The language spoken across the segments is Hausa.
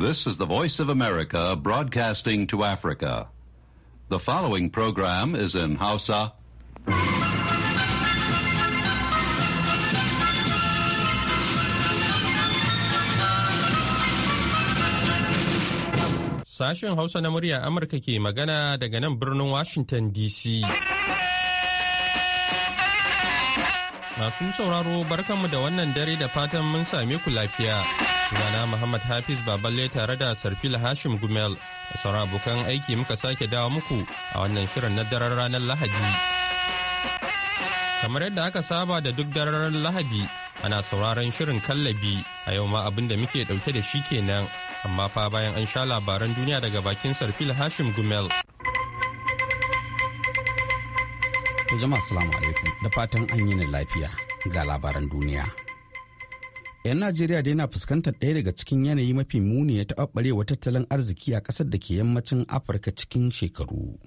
This is the Voice of America broadcasting to Africa. The following program is in Hausa. Sashen Hausa na murya Amurka ke magana daga nan birnin Washington DC. Masu sauraro barkanmu da wannan dare da fatan mun same ku lafiya. Sunana Muhammad Hafiz Baballe tare da Sarfil Hashim Gumel da sauran abokan aiki muka sake dawo muku a wannan shirin na daren ranar Lahadi. Kamar yadda aka saba da duk daren Lahadi ana sauraron shirin kallabi a yau ma abin da muke dauke da shi kenan amma fa bayan an sha labaran duniya daga bakin Sarfil Hashim Gumel. To jama'a salamu alaikum da fatan an yi ni lafiya ga labaran duniya. 'yan najeriya dai na fuskantar ɗaya daga cikin yanayi mafi muni na taɓaɓɓarewa tattalin arziki a ƙasar da ke yammacin afirka cikin shekaru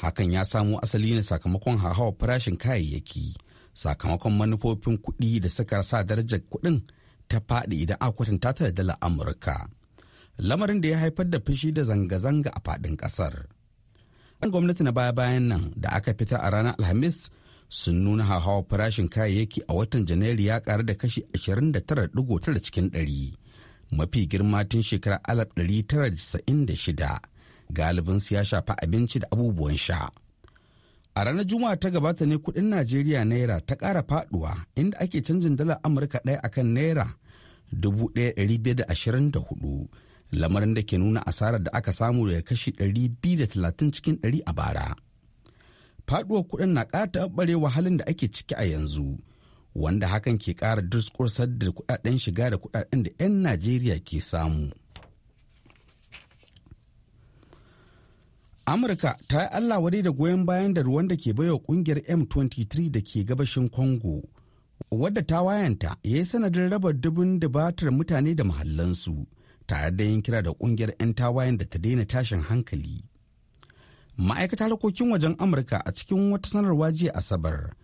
hakan ya samo asali ne sakamakon hauhawar farashin kayayyaki sakamakon manufofin kuɗi da suka sa darajar kuɗin ta faɗi idan aka kwatanta ta da dala amurka lamarin da ya haifar da fushi da zanga-zanga a faɗin ƙasar. gwamnati na baya-bayan nan da aka fitar a ranar alhamis sun nuna hawa farashin kayayyaki a watan janairu ya karu da kashi 29.9 cikin 100 mafi girma tun shekarar 1996 su ya shafi abinci da abubuwan sha a ranar juma'a ta gabata ne kudin najeriya naira ta kara faduwa inda ake canjin dalar amurka ɗaya akan naira 1524 lamarin da ke nuna asarar da aka samu daga kashi 230 cikin 100 a bara faduwar kuɗin na ƙara taɓarewa halin da ake ciki a yanzu wanda hakan ke ƙara durkursar da kuɗaɗen shiga da kuɗaɗen da 'yan najeriya ke samu amurka ta yi allah wadai da goyon bayan da ruwan da ke baiwa kungiyar m23 da ke gabashin congo wadda ta wayanta ya yi sanadin raba dubun dubatar mutane da mahallansu tare da yin kira da kungiyar 'yan tawayen da ta daina tashin hankali ma'aikatar harkokin wajen amurka a cikin wata sanarwa jiya asabar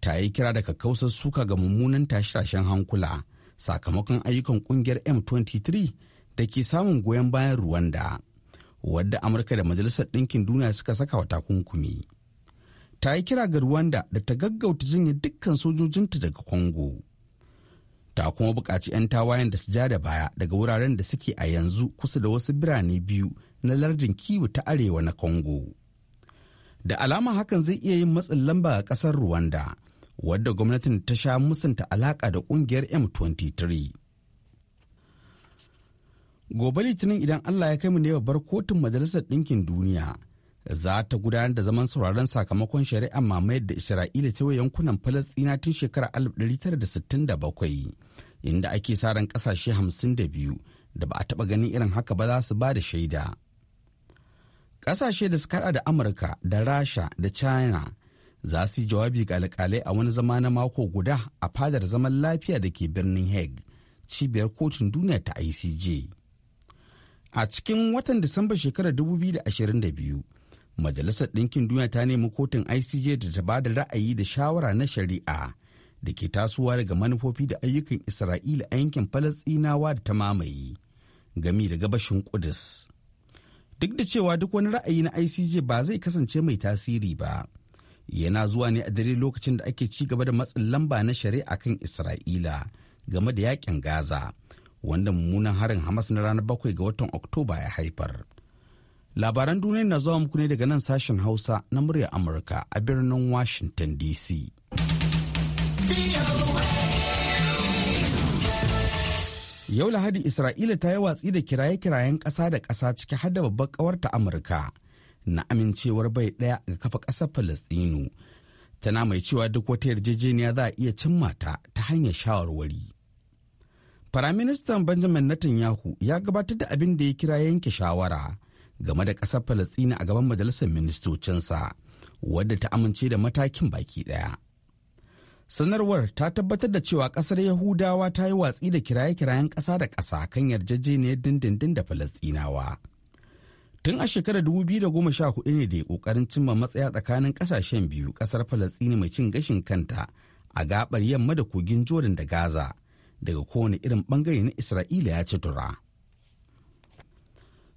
ta yi kira da kakkausar suka ga mummunan tashe hankula sakamakon ayyukan kungiyar m23 da ke samun goyon bayan ruwanda wadda amurka da majalisar ɗinkin duniya suka saka wa takunkumi ta yi kira ga ruwanda da ta gaggauta jinya dukkan sojojinta daga Kongo. ta kuma buƙaci 'yan tawayen da su ja da baya daga wuraren da suke a yanzu kusa da wasu birane biyu na lardin kiwu ta arewa na Kongo. da alama hakan zai iya yin matsin lamba ga ƙasar rwanda wadda gwamnatin ta sha musanta alaƙa da ƙungiyar m23 gobe litinin idan allah ya kai mu ne babbar kotun majalisar ɗinkin duniya za ta gudanar da zaman sauraron sakamakon shari'ar mamayar da isra'ila ta yankunan falastina tun shekarar 1967 inda ake sa ran kasashe 52 da ba a taba ganin irin haka ba za su ba da shaida kasashe da suka da amurka da rasha da china za su yi jawabi ga alkalai a wani zama na mako guda a fadar zaman lafiya da ke birnin hague cibiyar kotun duniya ta icj a cikin watan disamba shekarar 2022 majalisar ɗinkin duniya ta nemi kotun icj da ta ba da ra'ayi da shawara na shari'a da ke tasowa daga manufofi da ayyukan isra'ila a yankin falasɗinawa da ta mamaye gami da gabashin kudus duk da cewa duk wani ra'ayi na icj ba zai kasance mai tasiri ba yana zuwa ne a dare lokacin da ake ci gaba da matsin lamba na shari'a kan isra'ila game da yakin gaza wanda mummunan harin hamas na ranar bakwai ga watan oktoba ya haifar labaran duniya na zuwa muku ne daga nan sashen hausa na muryar amurka a birnin washington dc yau lahadi isra'ila ta yi watsi da kiraye-kirayen ƙasa da ƙasa ciki har da babbar ƙawarta amurka na amincewar bai ɗaya ga kafa ƙasar falastinu tana mai cewa duk wata yarjejeniya za a iya cimma ta ta hanyar shawarwari firaministan benjamin netanyahu ya gabatar da abin da ya kira yanke shawara game da ƙasar Falasɗina a gaban majalisar ministocinsa wadda ta amince da matakin baki ɗaya. Sanarwar ta tabbatar da cewa ƙasar Yahudawa ta yi watsi da kiraye-kirayen ƙasa da ƙasa kan yarjejeniyar dindindin da Falasɗinawa. Tun a shekarar 2014 ne da ya ƙoƙarin cimma matsaya tsakanin ƙasashen biyu ƙasar falastini mai cin gashin kanta a gaɓar yamma da kogin Jordan da Gaza daga kowane irin ɓangare na Isra'ila ya ci tura.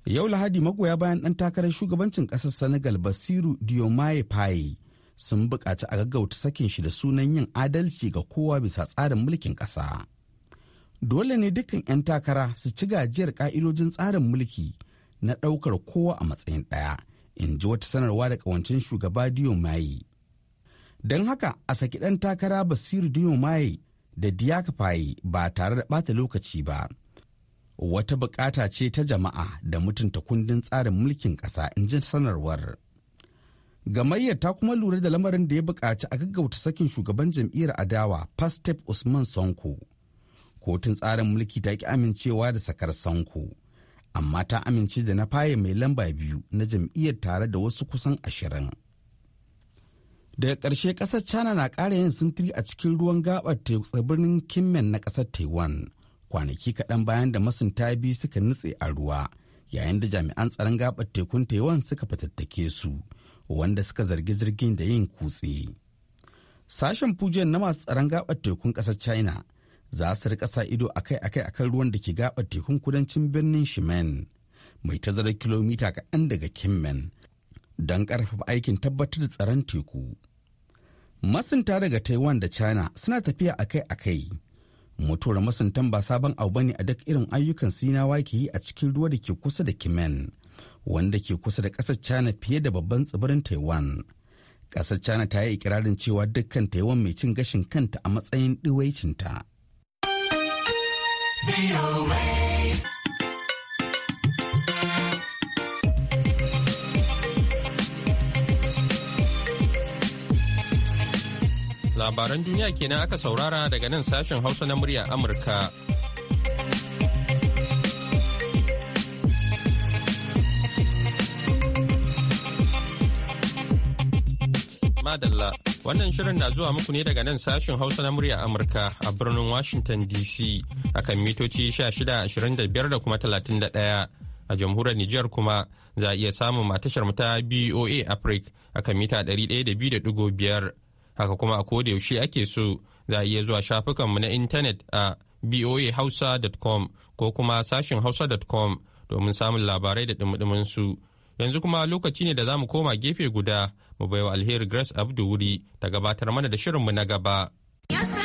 yau lahadi magoya bayan ɗan takarar shugabancin ƙasar senegal basiru diomaye faye sun buƙaci a gaggauta sakin shi da sunan yin adalci ga kowa bisa tsarin mulkin ƙasa dole ne dukkan 'yan takara su ci gajiyar ƙa'idojin tsarin mulki na ɗaukar kowa a matsayin ɗaya in ji wata sanarwa da ƙawancin shugaba diomaye don haka a saki ɗan takara basiru diomaye da diakafaye ba tare da ɓata lokaci ba wata bukata ce ta jama'a da mutunta kundin tsarin mulkin ƙasa in ji sanarwar. Gamayyar ta kuma lura da lamarin da ya buƙaci a gaggauta sakin shugaban jam'iyyar adawa Pastep Usman Sanko. Kotun tsarin mulki ta ki amincewa da sakar Sonko, amma ta amince da na faye mai lamba biyu na jam'iyyar tare da wasu kusan ashirin. Daga ƙarshe ƙasar China na ƙara yin sintiri a cikin ruwan gaɓar tsibirin Kinmen na ƙasar Taiwan. kwanaki kaɗan bayan da masunta biyu suka nutse a ruwa yayin da jami'an tsaron gabar tekun taiwan suka fatattake su wanda suka zargi jirgin da yin kutse sashen fujiyar na masu tsaron gabar tekun ƙasar china za su rika sa ido akai-akai akan ruwan da ke gabar tekun kudancin birnin shimen mai tazarar kilomita kaɗan daga kinmen don ƙarfafa aikin tabbatar da tsaron teku masunta daga taiwan da china suna tafiya akai-akai mutuwar masuntan ba sabon abu bane a duk irin ayyukan sinawa ke yi a cikin ruwa da ke kusa da kimen wanda ke kusa da ƙasar china fiye da babban tsibirin taiwan ƙasar china ta yi ikirarin cewa dukkan taiwan mai cin gashin kanta a matsayin ɗiwaicinta. Labaran duniya kenan aka saurara daga nan sashen Hausa na murya Amurka. Madalla, wannan shirin na zuwa muku ne daga nan sashen Hausa na murya Amurka a birnin Washington DC akan mitoci 1625 da kuma 31. a jamhuriyar Nijar kuma za a iya samun matashar mata BOA Africa a kan mita 102.5 haka kuma a yaushe ake so za a iya zuwa shafukanmu na intanet a boahausa.com ko kuma sashin hausa.com domin samun labarai da dumudumin su yanzu kuma lokaci ne da za mu koma gefe guda mu baiwa alheri grace abdu wuri ta gabatar mana da shirinmu na gaba. Yes,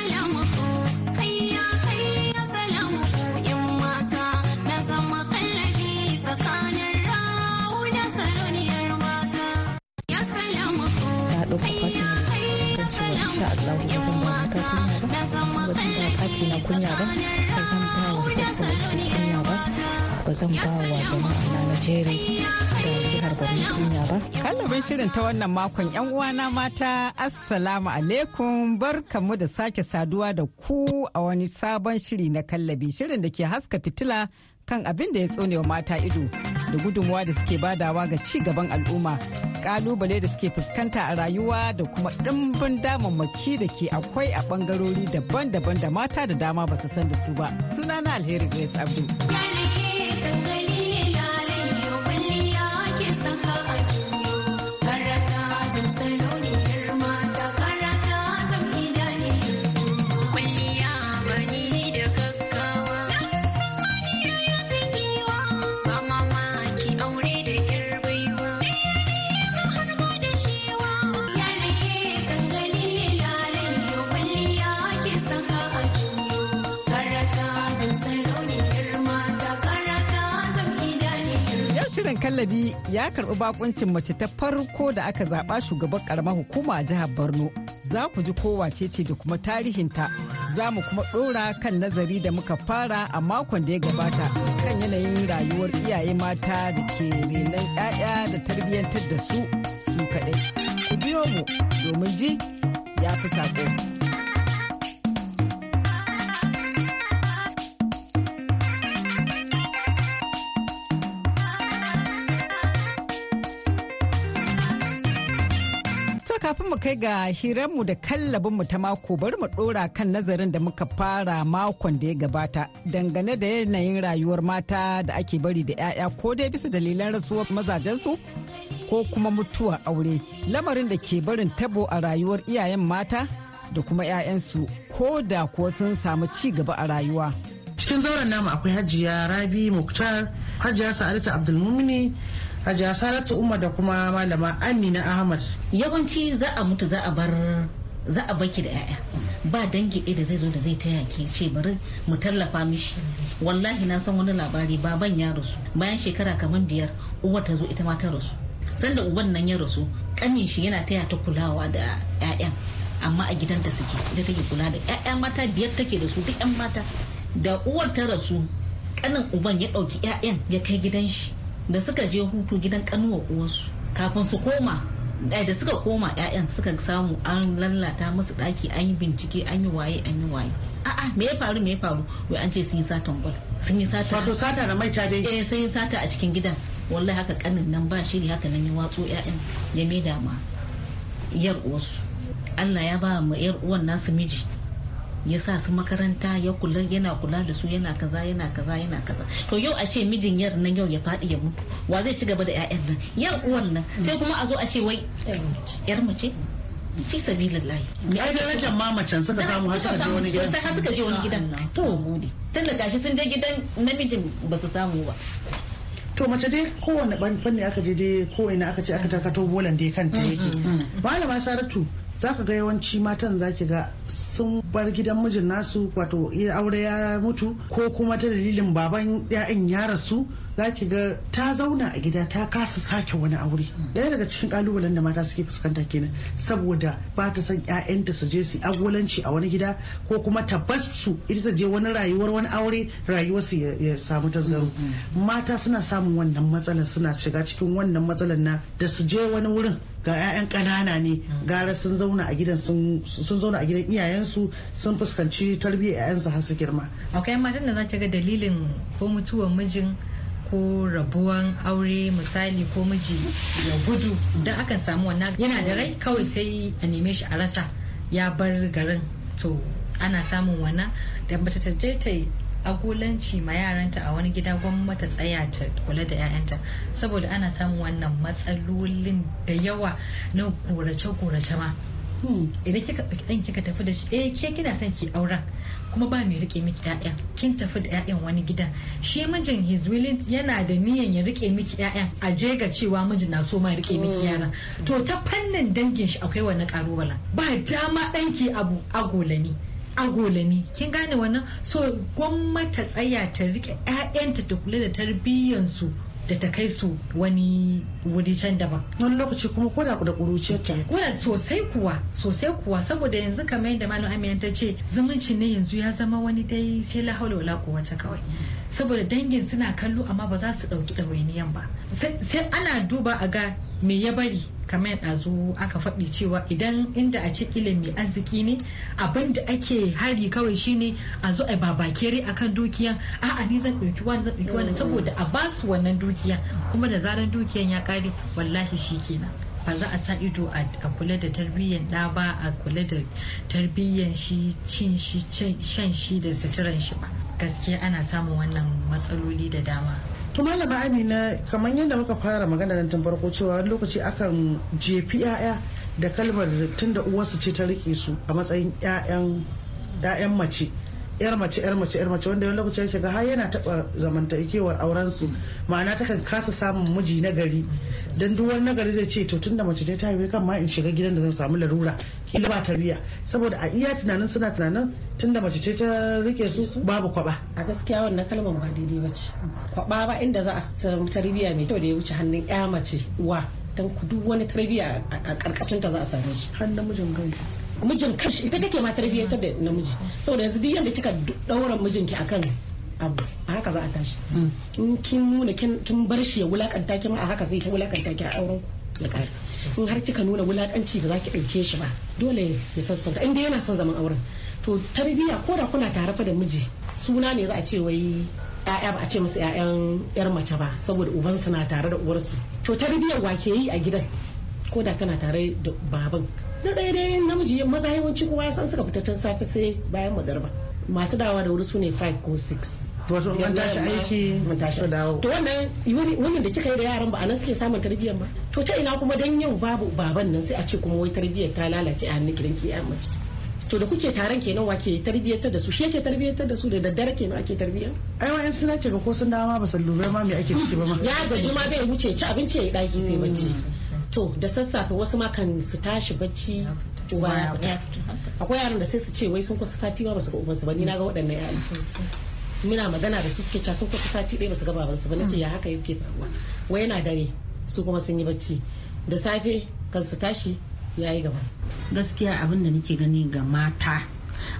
zan jama'a na Najeri da jihar Borno Kenya ba. Kallabin shirin ta wannan makon yan uwana mata Assalamu alaikum barkamu da sake saduwa da ku a wani sabon shiri na kallabi shirin da ke haska fitila kan abin da ya wa mata ido da gudunmuwa da suke badawa ga ci gaban al'umma kalubale da suke fuskanta a rayuwa da kuma ɗimbin damammaki da ke akwai a ɓangarori daban-daban da mata da dama ba su san da su ba sunana alheri grace abdul Santa kallabi ya karɓi bakuncin mace ta farko da aka zaɓa shugaban karamar hukuma a jihar borno za ku ji kowace ce da kuma tarihinta za mu kuma dora kan nazari da muka fara a makon da ya gabata kan yanayin rayuwar iyaye mata da ke renon 'ya'ya da tarbiyyantar da su su kaɗai ku biyo mu domin ji ya fi saƙo. kafin mu kai ga hiranmu da kallabinmu ta mako bari mu ɗora kan nazarin da muka fara makon da ya gabata dangane da yanayin rayuwar mata da ake bari da 'ya'ya ko dai bisa dalilan rasuwar mazajensu ko kuma mutuwa aure lamarin da ke barin tabo a rayuwar iyayen mata da kuma 'ya'yansu ko da kuwa sun samu ci gaba a rayuwa. Cikin zauren namu akwai Hajiya Rabi Muktar, Hajiya Sa'adatu Abdulmumini, Hajiya Saratu Umar da kuma Malama Amina Ahmad yawanci za a mutu za a bar za a baki da 'ya'ya ba dangi ɗaya da zai zo da zai taya ke ce bari mu tallafa mishi wallahi na san wani labari baban ya rasu bayan shekara kamar biyar uwar ta zo ita ma ta rasu sanda uban nan ya rasu kanin shi yana taya ta kulawa da 'ya'yan amma a gidan gidanta suke ita take kula da 'ya'ya mata biyar take da su duk 'yan mata da uwar ta rasu kanin uban ya ɗauki 'ya'yan ya kai gidan shi da suka je hutu gidan kanuwar uwarsu kafin su koma Eh, da suka koma ƴaƴan suka samu an lallata musu ɗaki an yi bincike an yi waye an yi waye a'a me ya faru me ya faru wai an ce sun yi satan gwal sun yi sata wato sata na mai dai eh sun yi sata a cikin gidan wallahi haka kanin nan ba shiri haka nan ya watso ƴaƴan ya maida ma yar uwarsu Allah ya ba mu yar uwan nasu miji ya sa su makaranta ya kula yana kula da su yana kaza yana kaza yana kaza to yau a ce mijin yar nan yau ya faɗi ya mutu wa zai ci gaba da ƴaƴan nan yar uwan nan sai kuma a zo a ce wai yar mace fi sabilillahi ai da rajan mamacin suka samu har suka je wani gidan sai har suka je wani gidan to gode tunda gashi sun je gidan namijin ba su samu ba to mace dai kowane fanni aka je dai ko ina aka ce aka takato bolan dai kanta yake mm-hmm. malama saratu za ka ga yawanci matan za ki ga sun bar gidan mijin nasu wato aure ya mutu ko kuma ta dalilin baban 'ya'yan ya rasu za ki ga ta zauna a gida ta kasa sake wani aure Daya daga cikin kalubalen da mata suke fuskanta kenan saboda ba ta son 'ya'yanta su je su agolanci a wani gida ko kuma ta su ita ta je wani rayuwar wani aure rayuwar su ya samu tasgaro mm, mm, mm. mata suna samun wannan matsalar suna shiga cikin wannan matsalar na da su je wani wurin ga 'ya'yan kanana ne gara sun zauna a gidan sun zauna a gidan iyayensu sun fuskanci tarbiyyar 'ya'yansu har su girma. akwai matan da za ta ga dalilin ko mutuwar mijin ko rabuwan aure misali ko miji ya gudu don akan samu wannan yana da rai kawai sai a neme shi a rasa ya bar garin to ana samun wannan da mace ta je ta agolanci ma yaranta a wani gida gwamnati tsaya ta kula da 'ya'yanta saboda ana samun wannan matsalolin da yawa na gorace-gorace ma Hmm, idan kika ɗan kika tafi da shi eh ke kina son ki auren kuma ba mai rike miki ƴaƴa kin tafi da ƴaƴan wani gida shi mijin his willing yana da niyan ya rike miki ƴaƴa a je ga cewa mijin na so ma rike miki yara hmm. to ta fannin dangin shi akwai wani karuwala ba dama ɗanki abu agolani agolani kin gane wannan so gwamnati tsaya ta rike 'ya'yanta ta kula da tarbiyyansu da ta kai su wani wuri can daban wani lokaci kuma ko da da kuruciyar ta sosai kuwa sosai kuwa saboda yanzu kamar yadda malam amiya ta ce zumunci ne yanzu ya zama wani dai sai la haula wala quwwata kawai saboda dangin suna kallo amma ba za su ɗauki ɗawainiyan ba sai ana duba a ga me ya bari kamar ɗazu aka faɗi cewa idan inda a ce ilimi arziki ne abinda ake hari kawai shine a zo a babakere akan dukiya a'a ni zan ɗauki wani zan ɗauki wani saboda a basu wannan dukiya kuma da zaran dukiyan ya ƙare wallahi shi kenan ba za a sa ido a kula da tarbiyyan ɗa ba a kula da tarbiyyan shi cin shi shan shi da suturan shi ba gaskiya ana samun wannan matsaloli da dama to amina kamar yadda muka fara magana nan tun farko cewa wani lokaci akan jefi 'ya'ya da kalmar tun da uwarsu ce ta rike su a matsayin 'ya'yan mace yar mace yar mace yar mace wanda wani lokaci yake ga har yana taba zamantakewar auren su ma'ana ta kan kasa samun miji na gari dan duk wani nagari zai ce to tunda mace ta yi kan ma in shiga gidan da zan samu larura kila ba tarbiya saboda a iya tunanin suna tunanin tunda mace ce ta rike su babu kwaba a gaskiya wannan kalmar ba daidai ba kwaba ba inda za a tarbiya mai kyau da ya wuce hannun ya mace wa ku duk wani tarbiyya a karkashin ta za a same shi har namijin kai. mijin kashi ita take ma ta da namiji saboda yanzu duk yanda kika daura mijinki akan abu a haka za a tashi hmm. in kin nuna kin bar shi ya wulakanta ki ma a haka zai ta wulakanta ki a auren ya kare in har kika nuna wulakanci ba za ki ɗauke shi ba dole ya sassanta inda yana son zaman auren to tarbiyya ko da kuna tare fa da miji suna ne za a ce wai 'ya'ya ba a ce musu 'ya'yan 'yar mace ba saboda ubansu na tare da uwarsu to tarbiyyar wa ke yi a gidan ko da kana tare da baban na ɗaya dai namiji maza yawanci kowa ya san suka fita tun safe sai bayan magarba masu dawa da wuri su ne 5 ko 6 wato an tashi aiki mun tashi dawo to wannan wannan da kika yi da yaran ba anan suke samun tarbiyyar ba to ta ina kuma dan yau babu baban nan sai a ce kuma wai tarbiyyar ta lalace a hannun gidan ki mace to da kuke taron kenan wa ke tarbiyyantar da su shi yake tarbiyyantar da su da daddare kenan ake tarbiyya ai wa'in suna ke ga ko sun dama ba su lura ma me ake ciki ba ma ya gaji ma bai wuce ci abinci ya yi daki sai bacci to da sassafe wasu ma kan su tashi bacci uba ya fita akwai yaran da sai su ce wai sun kusa sati ma ba su ga ubansu ba ni na ga waɗannan yaran muna magana da su suke ca sun kusa sati ɗaya ba su ga babansu ba nace ya haka yake faruwa wai yana dare su kuma sun yi bacci da safe kan su tashi ya yi gaba gaskiya abin da nake gani ga mata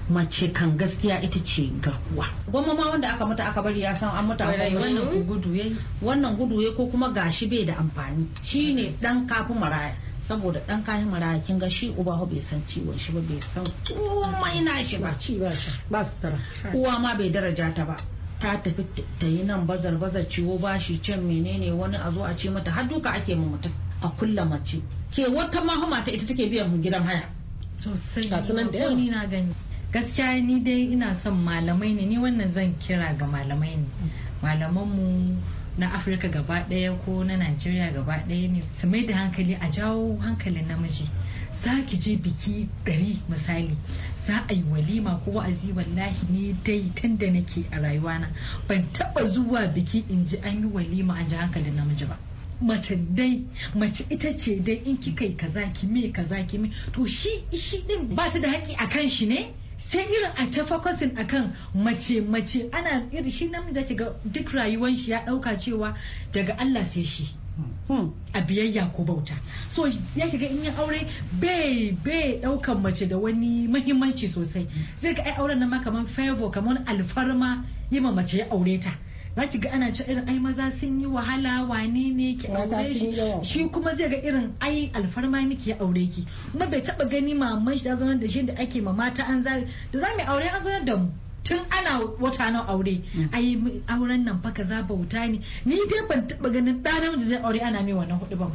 mace kan gaskiya ita ce garkuwa Goma ma wanda aka mata aka bari ya san an mata wannan gudu ya wannan gudu ko kuma gashi bai da amfani Shi ne dan kafin maraya saboda dan kayan maraya kin ga shi uba bai san ciwon shi ba bai san komai na shi ba ci ba ba tara. uwa ma bai daraja ta ba ta tafi ta yi nan bazar bazar ciwo ba shi can menene wani a zo a ce mata har duka ake mu mutum a kulla mace ke wata mahumata ita take biyan gidan haya sosai ga sunan da na gani gaskiya ni dai ina son malamai ne ni wannan zan kira ga malamai ne malaman mu na afirka gaba daya ko na najeriya gaba daya ne su mai da hankali a jawo hankalin namiji za ki je biki ɗari misali za a yi walima ko wa'azi wallahi ne dai tun da nake a rayuwa na ban taɓa zuwa biki in ji an yi walima an ji hankalin namiji ba mace dai mace ita ce dai in kika yi kaza ki me kaza ki me to shi shi din ba ta da haƙi akan shi ne sai irin a ta focusing akan mace mace ana irin shi namiji zaki ga duk rayuwar shi ya dauka cewa daga Allah sai shi hmm. a biyayya ko bauta so ya shiga in yi aure bai bai daukan mace da wani mahimmanci sosai zai ga ai auren nan ma kaman favor kaman alfarma yi ma mace ya aure ta za ki ga ana ce irin ai maza sun yi wahala wane ne ki aure shi kuma zai ga irin ai alfarma miki ya aure ki kuma bai taba gani maman shi da zauna da shi da ake ma mata an zai da za mu aure an zauna da mu tun ana wata nawa aure mm. ai auren nan fa kaza bauta ne ni dai ban taba ganin ɗan namiji zai aure ana mai wannan hudu ba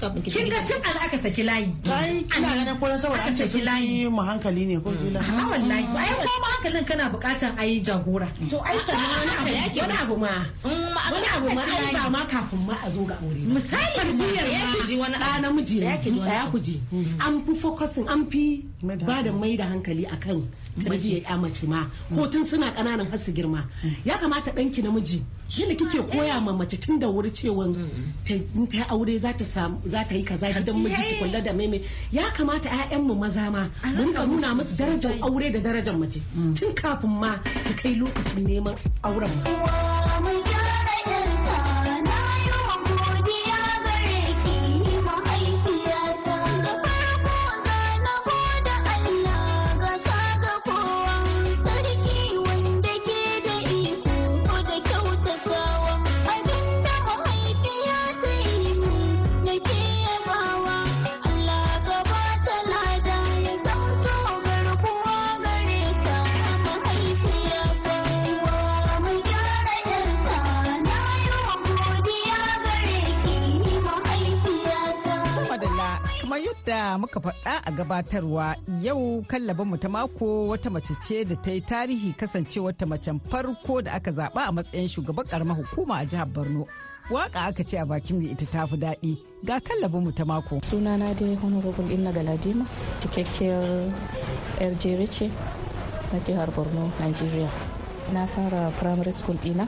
kin ga cin ana aka saki layi ai ina ganin ko saboda aka saki layi mu hankali ne ko mm. kila a wallahi ai ko ma hankalin kana bukatar ai jagora to ai sanan wani abu wani abu ma mm, wani abu ma ai ba ma kafin ma a zo ga aure misali tarbiyyar ya kiji wani ɗa namiji ne ya kiji mm. an fi focusing an fi ba da mai da hankali akan tarbiyyar ya mace ma mm. ko tun suna kananan har su girma mm. ya kamata ɗanki namiji yadda kike koya eh. ma mace tun da wuri cewa mm, ta yi aure za ta yi kaza gidan miji ki kula da meme ya kamata ƴaƴan mu maza ma mu rika nuna musu darajar aure da darajar mace tun kafin ma su kai lokacin neman auren mu a gabatarwa yau mu ta mako wata mace ce da ta yi tarihi kasancewa wata macen farko da aka zaba a matsayin shugaban karamar hukuma a jihar borno waka aka ce a bakin mai ita tafi daɗi ga mu ta mako sunana dai honorable inna galadima cikakkiyar yar jere ce na jihar borno nigeria na fara primary school ɗina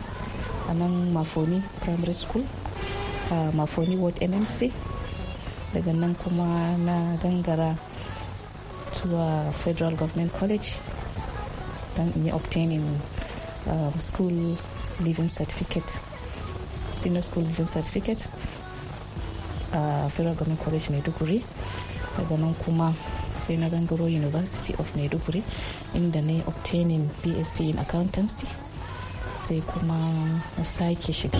a nan mafoni primary school a mafoni ward nmc daga nan kuma na gangara zuwa uh, federal government college don in yi obtaining um, school living certificate senior school living certificate a uh, federal government college maiduguri daga nan kuma sai na gangaro university of maiduguri inda na yi obtaining bsc in accountancy sai kuma na sake shiga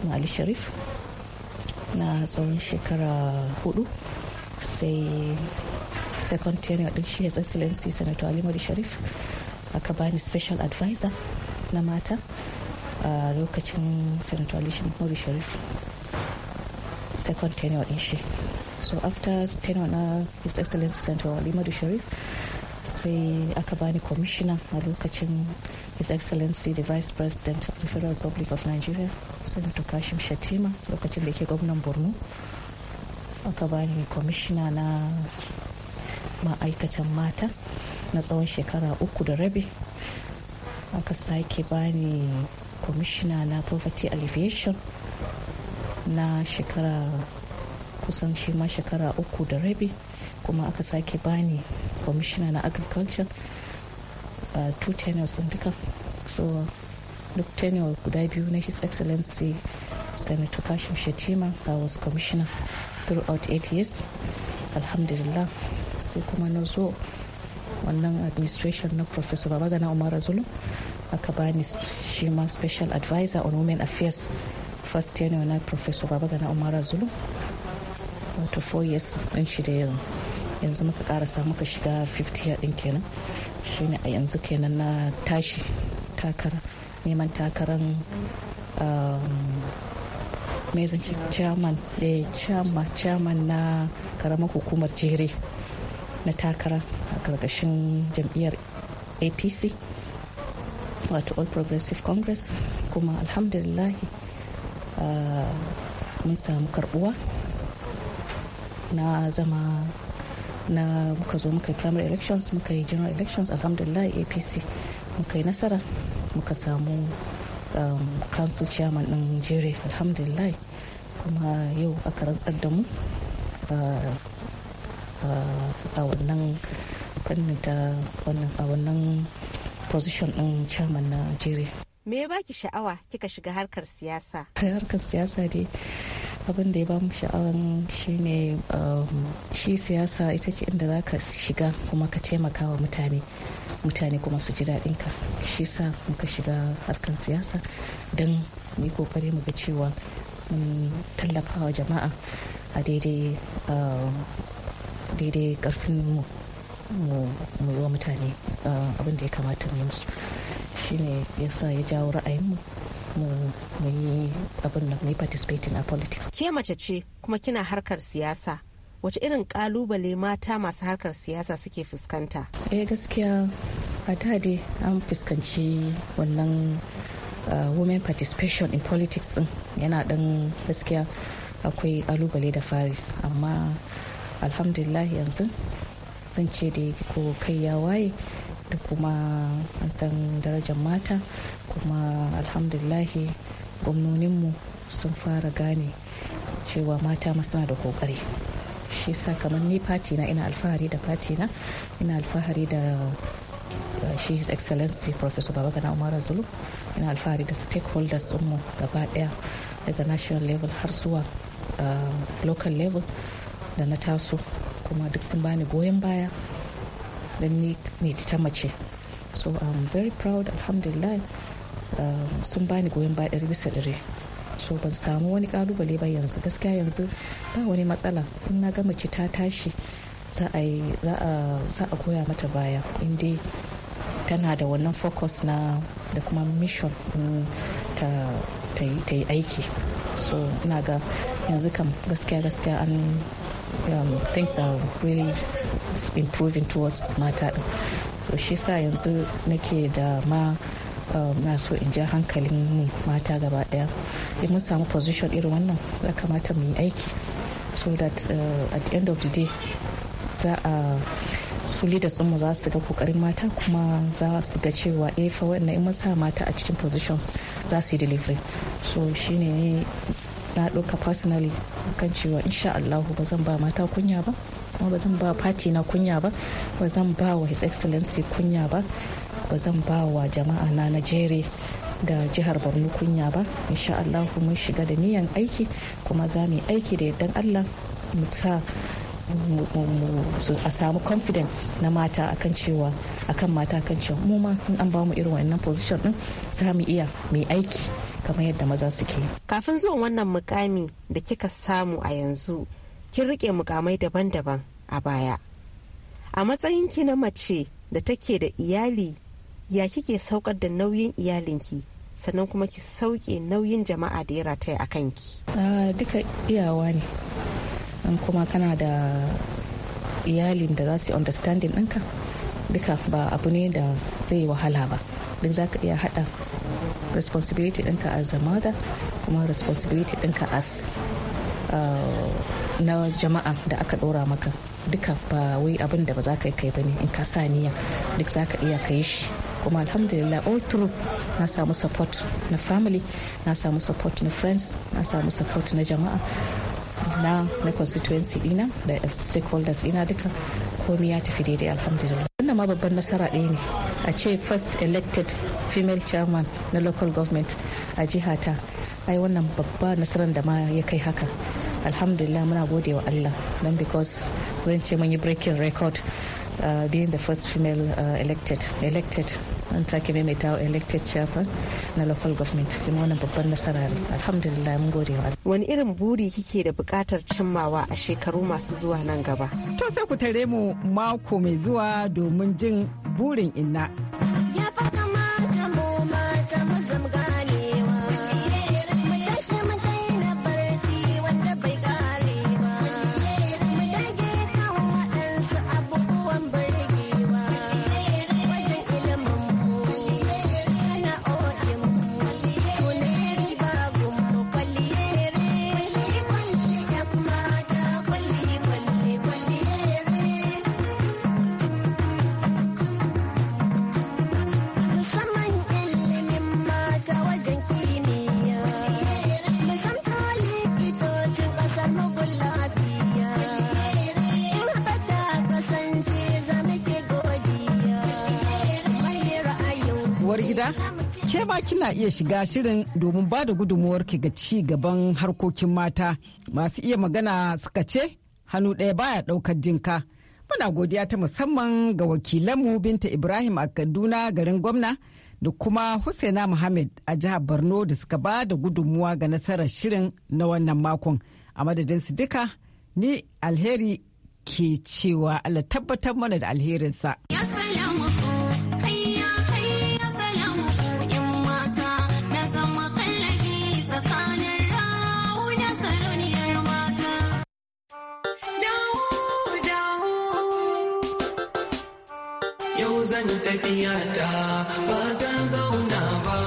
fatima ali sharif na tsawon shekara hudu sai second tenure din shi his excellency senator Madi sharif aka bani special advisor na mata a lokacin senator Madi sharif second tenure din shi so after tenure na his excellency senator alimari sharif sai aka bani commissioner a lokacin his excellency the vice president of the federal republic of nigeria senator kashim shatima lokacin da ke gwamnan borno aka bani commissioner na ma'aikatan mata na tsawon shekara uku da rabi aka sake bani commissioner na poverty alleviation na shekara kusan shi ma shekara uku da rabi kuma aka sake bani commissioner na agriculture ba uh, two tenures sun duka so duk tenure guda biyu na his excellency senator kashim shetima i was commissioner throughout eight years alhamdulillah sai kuma na zo wannan administration na professor babagana umar zulu aka bani shi ma special advisor on women affairs first tenure na professor babagana umar zulu wato four years ɗin shi da yanzu yanzu muka karasa muka shiga 50 din kenan shine a yanzu kenan na tashi takara neman takarar um, mai chairman da eh, chairman chairman na karamar hukumar jere na takara a karkashin jam'iyyar apc wato all progressive congress kuma alhamdulillahi uh, mun samu karbuwa na zama na muka zo muka yi primary elections muka yi general elections alhamdulillah apc muka yi nasara muka samu um, council chairman din jere alhamdulillah kuma yau aka rantsar da mu a wannan fannin ta wannan a wannan position din chairman na jere me ya baki sha'awa kika shiga harkar siyasa harkar siyasa dai abin da ya ba mu shi shine um, shi siyasa ita ce inda za ka shiga kuma ka taimaka wa mutane mutane kuma su ji daɗin ka shi sa muka shiga harkan siyasa don mu yi kokari mu ga cewa mun tallafa wa jama'a a daidai karfin um, mu mu yi wa mutane um, abin da ya kamata mu yi musu shine yasa ya jawo ra'ayin mu mu yi abin nan mu participating a politics ke mace ce kuma kina harkar siyasa wace irin kalubale mata masu harkar siyasa suke fuskanta eh gaskiya a da an fuskanci wannan ah, women participation in politics din yana dan gaskiya akwai kalubale da fari amma alhamdulillah yanzu zan ce da ko kai ya waye da kuma an san darajar mata kuma alhamdulahi gwamnoninmu sun fara gane cewa mata masana da kokari shi sa kamar ni fatina ina alfahari da fatina ina alfahari da eh, shi his excellency professor babagana umar zulu ina alfahari da stakeholders mu gaba daya daga national level har zuwa eh, local level da na taso kuma duk sun bani goyon baya don ni ne ta mace so i'm very proud alhamdulillah um, sun ba ni goyon ba ɗari bisa ɗari so ban samu wani kalubale ba yanzu gaskiya yanzu ba wani matsala in na ga mace ta tashi za a koya mata baya in dai tana da wannan focus na da kuma mission ta yi aiki so ina ga yanzu kam gaskiya gaskiya an um, things are really improving towards mata din to shi sa yanzu nake da ma um, na so in ji hankalin mu mata gaba daya in mun samu position irin wannan ya kamata mu yi aiki so that uh, at the end of the day za a su leaders mu za su ga kokarin mata kuma za su ga cewa eh fa wannan in mun sa mata a cikin positions za su yi delivery so shine na ɗauka personally kan cewa insha Allah ba zan ba mata kunya ba kuma ba zan ba fati na kunya ba ba zan ba wa his excellency kunya ba ba zan ba wa jama'a na najeriya da jihar borno kunya ba insha allahu mun shiga da niyan aiki kuma za mu aiki da yardan allah mu sa a samu confidence na mata akan cewa akan mata akan cewa mu ma in an ba mu irin wannan position din za mu iya mai aiki kamar yadda maza suke kafin zuwan wannan mukami da kika samu a yanzu kin rike mukamai daban-daban a baya a matsayin ki na mace da take da iyali ya kike saukar da nauyin iyalinki sannan kuma ki sauke nauyin jama'a da ya rataya a kanki ah, duka iyawa ne in kuma kana da iyalin da za su yi understanding ɗinka duka ba abu ne da zai wahala ba duk za ka iya haɗa responsibility ɗinka as a mother kuma responsibility ɗinka as ah, na jama'a da aka ɗora maka duka ba wai abin da ba za ka yi kai bane in ka sa niyya duk za ka iya ka yi shi kuma alhamdulillah all through na samu support na family na samu support na friends na samu support na jama'a na na constituency dina da stakeholders ina duka komi ya tafi daidai alhamdulillah wannan ma babban nasara ɗaya ne a ce first elected female chairman na local government a jihata ai wannan babba nasarar da ma ya kai haka alhamdulillah muna gode wa allah don because zan ce mun yi breaking record uh, being the first female uh, elected elected an take maimaita elected chairman na local government kuma wannan babban nasara ne alhamdulillah mun gode wa wani irin buri kike da bukatar cimmawa a shekaru masu zuwa nan gaba to sai ku tare mu mako mai zuwa domin jin burin inna ya kai ma kina iya shiga shirin domin ba da ki ga ci gaban harkokin mata masu iya magana suka ce hannu ɗaya baya ɗaukar jinka muna godiya ta musamman ga wakilanmu binta ibrahim a kaduna garin gwamna da kuma husaina muhammad a jihar borno da suka ba da gudunmuwa ga nasarar shirin na wannan makon a madadin su duka ni alheri ke cewa allah tabbatar mana da alherinsa. Yes, yau zan tafiya ta ba zan zauna ba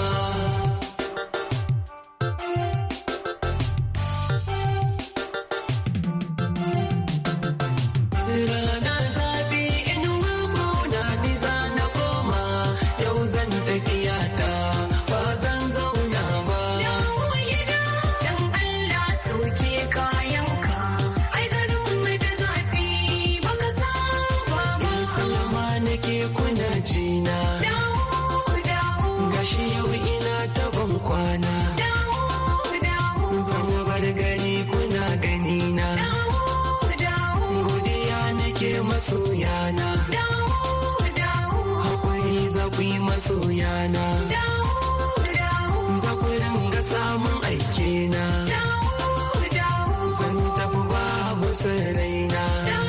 ɓacin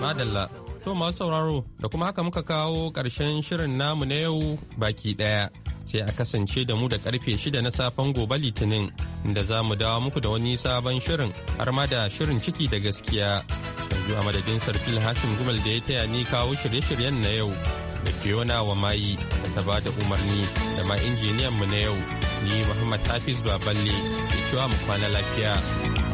Madalla, to masu sauraro da kuma haka muka kawo ƙarshen shirin namu na yau baki ɗaya. sai a kasance da mu da karfe shida na safen gobe litinin da za mu dawo muku da wani sabon shirin har ma da shirin ciki da gaskiya yanzu a madadin sarki hashim gumal da ya taya ni kawo shirye-shiryen na yau da fiona wa mayi da ba da umarni da ma injiniyan mu na yau ni muhammad hafiz baballe ke cewa mu kwana lafiya